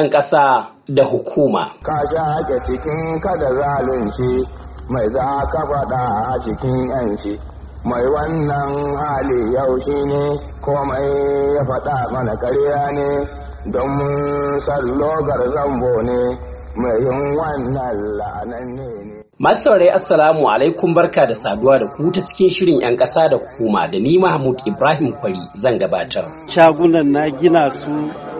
'yan ƙasa da hukuma. Ka sha ake cikin kada zalunci mai za ka faɗa a cikin 'yanci. Mai wannan hali yau shi ne komai ya faɗa mana karya ne don sallogar zambo ne mai yin wannan la'anan ne. Masu Assalamu alaikum barka da saduwa da ku ta cikin shirin 'yan ƙasa da hukuma da ni Mahmud Ibrahim Kwari zan gabatar. Shagunan na gina su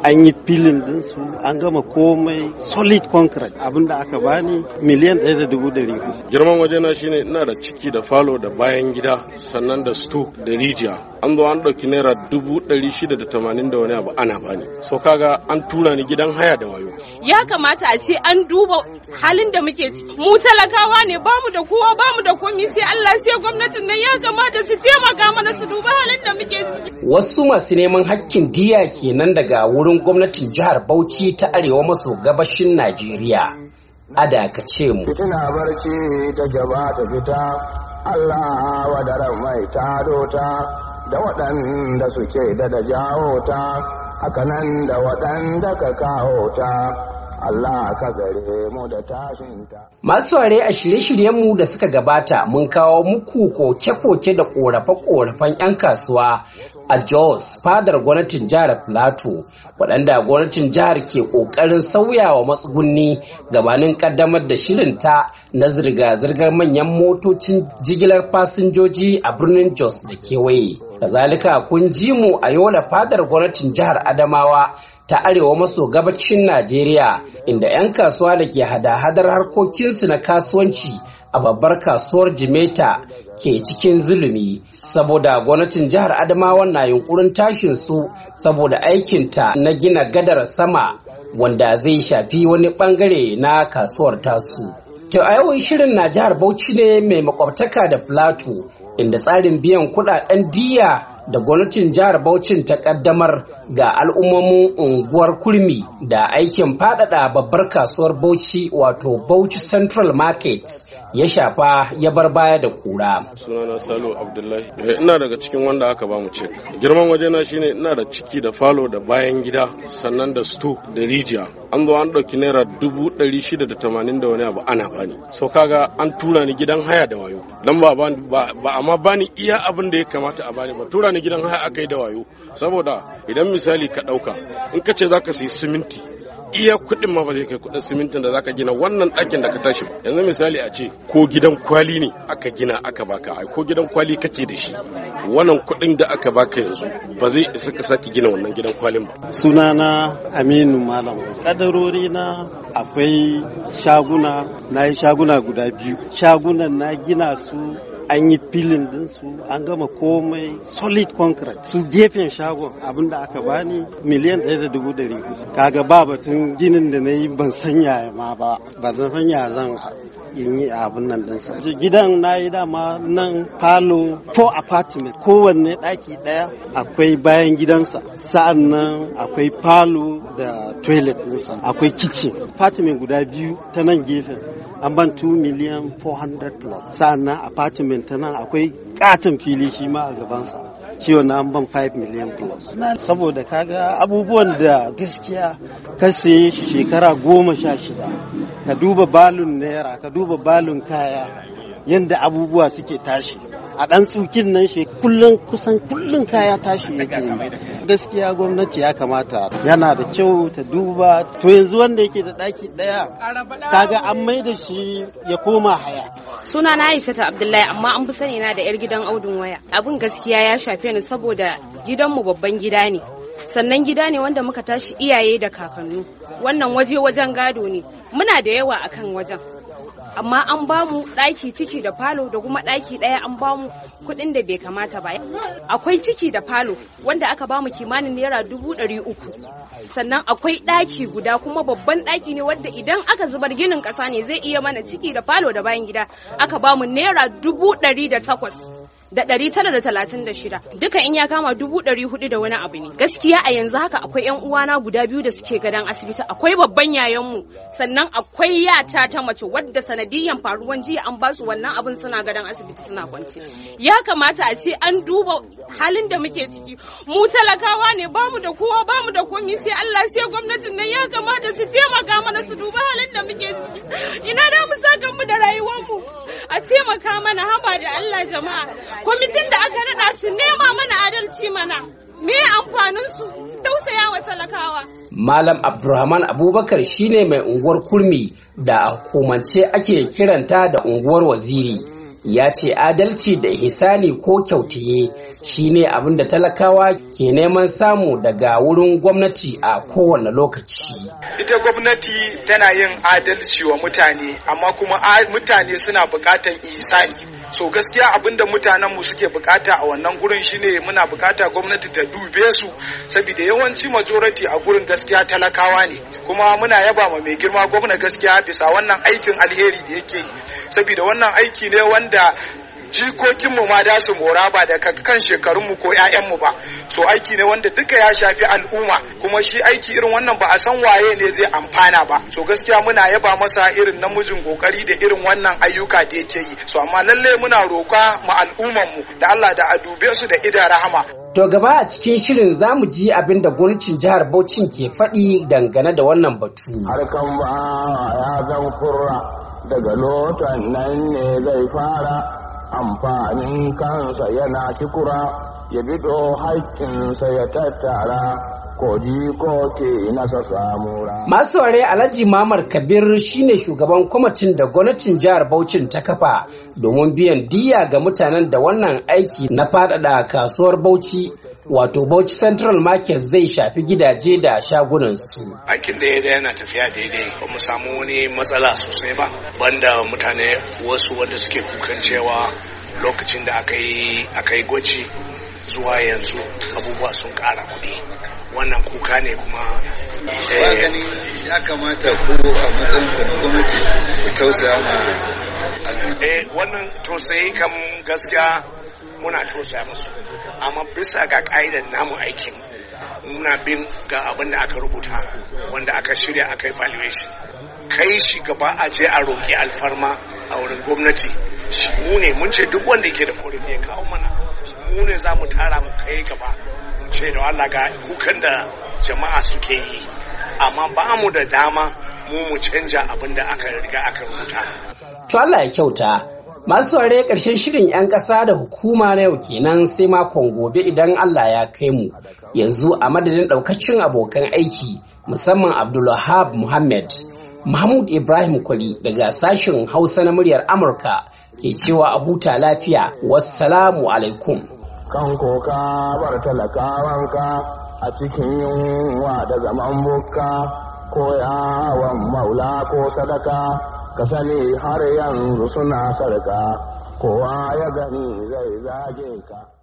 an yi filin dinsu an gama komai solid concrete abinda aka bani miliyan ɗaya da dubu ɗari girman wajena shine ina da ciki da falo da bayan gida sannan da stoke da rijiya an zo an ɗauki naira dubu ɗari shida da tamanin da wani abu ana bani so kaga an tura ni gidan haya da wayo ya kamata a ce an duba halin da muke ciki mu talakawa ne bamu da kowa bamu da komi sai Allah sai gwamnatin nan ya kamata su taimaka mana su duba halin da muke ciki wasu masu neman hakkin diya kenan daga wurin wurin gwamnatin jihar Bauchi ta arewa maso gabashin Najeriya. Ada ka ce mu. Fitina barci ta gaba ta fita, Allah wadaran mai ta dota da waɗanda suke da da jawo ta, nan da waɗanda ka kawo ta. Allah ka gare mu da tashinta. Masu ware a shirye-shiryenmu da suka gabata mun kawo muku koke-koke da korafe-korafen 'yan kasuwa a Jos fadar gwamnatin jihar Plateau waɗanda gwamnatin jihar ke ƙoƙarin sauya wa matsugunni gabanin ƙaddamar da shirinta na zirga-zirgar manyan motocin jigilar fasinjoji a birnin Jos da kewaye. kazalika kun ji mu a yola fadar gwamnatin jihar adamawa ta arewa maso gabacin najeriya inda 'yan kasuwa da ke hada-hadar harkokinsu na kasuwanci a babbar kasuwar jimeta ke cikin zulumi saboda gwamnatin jihar adamawa na yunkurin tashin su saboda aikinta na gina gadar sama wanda zai shafi wani bangare na kasuwar tasu To a yawan shirin na jihar Bauchi ne mai makwabtaka da Plateau inda tsarin biyan kudaden diya da gwamnatin jihar Bauchi ta kaddamar ga al'ummomin unguwar Kurmi da aikin faɗaɗa babbar kasuwar Bauchi wato Bauchi Central Market ya shafa ya bar baya da kura. Sunana Salo Abdullahi. Eh, ina daga cikin wanda aka ba mu cek. Girman wajena shine ina da ciki da falo da bayan gida sannan da stew da rijiya. An zo an ɗauki naira dubu ɗari shida da tamanin da wani abu ana bani. So kaga an tura ni gidan haya da wayo. Dan ba ba amma bani iya abin da ya kamata a bani ba. Tura ni na gidan haya aka yi da wayo saboda idan misali ka ɗauka in ka ce za sayi siminti iya kuɗin ma ba zai kai kuɗin simintin da zaka gina wannan ɗakin da ka tashi ba yanzu misali a ce ko gidan kwali ne aka gina aka baka ai ko gidan kwali kake da shi wannan kuɗin da aka baka yanzu ba zai isa ka saki gina wannan gidan kwalin ba sunana aminu malam kadarori na akwai shaguna na yi shaguna guda biyu shagunan na gina su an yi filin dinsu an gama komai solid concrete su gefen shagon abin da aka bani miliyan ɗaya da dubu ɗari kaga ba batun ginin da na yi ban sanya ma ba ba zan sanya zan in yi abin nan ɗinsa gidan na yi dama nan falo four apartment kowanne ɗaki ɗaya akwai bayan gidansa sa'an nan akwai falo da toilet ɗinsa akwai kitchen apartment guda biyu ta nan gefen an ban 2 miliyan 400 plus. sannan apartment nan akwai katin fili shi ma a gabansa shi wannan an ban 5 miliyan plus saboda kaga abubuwan da gaskiya ka saye shi shekara goma sha shida ka duba balun naira ka duba balun kaya yadda abubuwa suke tashi a ɗan tsukin nan shi kullun kusan kullun kaya tashi yake gaskiya gwamnati ya kamata yana da kyau ta duba to yanzu wanda yake da daki daya kaga an mai da shi ya koma haya suna na Aisha ta Abdullahi amma an fi sani na da yar gidan Audun waya abin gaskiya ya shafe ni saboda gidanmu babban gida ne sannan gida ne wanda muka tashi iyaye da kakannu wannan waje wajen gado ne muna da yawa akan wajen amma an bamu ɗaki ciki da falo da kuma ɗaki ɗaya an bamu kuɗin da bai kamata ba akwai ciki da falo wanda aka bamu kimanin naira dubu ɗari uku sannan akwai ɗaki guda kuma babban ɗaki ne wanda idan aka zubar ginin ƙasa ne zai iya mana ciki da falo da bayan gida aka bamu naira dubu ɗari da takwas da ɗari tara da talatin da shida duka in ya kama dubu ɗari hudu da wani abu ne gaskiya a yanzu haka akwai yan uwana guda biyu da suke gadon asibiti akwai babban yayanmu sannan akwai yata ta mace wadda sanadiyyan faruwan jiya an basu wannan abin suna gadon asibiti suna kwance ya kamata a ce an duba halin da muke ciki mu talakawa ne bamu da kowa bamu da komi sai Allah sai gwamnatin nan ya kamata su taimaka mana su duba halin da muke ciki ina da mu saka mu da rayuwar mu a taimaka mana haba da Allah jama'a kwamitin da aka nada su nema mana adalci mana me amfanin su tausaya wa talakawa malam abdurrahman abubakar shine mai unguwar kurmi da a hukumance ake kiranta da unguwar waziri ya ce adalci da hisani ko kyautiye shine abin da talakawa ke neman samu daga wurin gwamnati a kowane lokaci ita gwamnati tana yin adalci wa mutane amma kuma mutane suna bukatan isa'i. so gaskiya abinda mutanen mu suke bukata a wannan gurin shine muna bukata gwamnati ta dube su saboda yawanci majority a gurin gaskiya talakawa ne kuma muna yaba ma mai girma gwamna gaskiya bisa wannan aikin alheri da yake yi saboda wannan aiki ne wanda jikokinmu ma da su mora ba da kan shekarunmu ko 'ya'yanmu ba so aiki ne wanda duka ya shafi al'umma kuma shi aiki irin wannan ba a san waye ne zai amfana ba so gaskiya muna yaba masa irin namijin kokari da irin wannan ayyuka da yake yi so amma lalle muna roka ma mu, da Allah da a dube su da idan rahama To gaba a cikin shirin za mu ji abin da gwamnatin jihar Bauchin ke faɗi dangane da wannan batu. Harkan ba ya zan kurra daga lotan nan ne zai fara amfanin kansa yana kikura ya bido haƙƙinsa ya tattara samura. Masu ware Alhaji Mamar Kabir shine shugaban kwamitin da gwamnatin jihar Baucin ta kafa domin biyan diya ga mutanen da wannan aiki na faɗaɗa kasuwar Bauchi wato Bauchi Central Market zai shafi gidaje da shagunan su. Aikin daidai yana tafiya daidai ba mu samu wani matsala sosai ba banda mutane wasu wanda suke kukan cewa lokacin da aka yi gwaji zuwa yanzu abubuwa sun ƙara kuɗi wannan kuka ne kuma eh. ya kamata ko a matsayin ku gwamnati ku tausaya ma eh, wannan tausayi kan gaskiya muna tausaya musu amma bisa ga ƙa'idar namu aikin muna bin ga abin da aka rubuta wanda aka shirya aka yi valuation kai shi gaba a je a roƙi alfarma a wurin gwamnati shi mu mun ce duk wanda yake da korin ya kawo mana mu ne za mu tara mu kai gaba mu ce da Allah ga kukan da jama'a suke yi amma ba mu da dama mu mu canja abin da aka riga aka rubuta to Allah ya kyauta Masu saurare ƙarshen shirin 'yan ƙasa da hukuma na yau kenan sai makon gobe idan Allah ya kai mu. Yanzu a madadin ɗaukacin abokan aiki musamman Abdulwahab Muhammad. Mahmud Ibrahim Kwali daga sashen Hausa na muryar Amurka ke cewa a huta lafiya. Wassalamu alaikum. Kan koka bar talakawanka a cikin yunwa da zaman bukka ko yawon maula ko sadaka ka sani har yanzu suna sarka kowa ya gani zai zage ka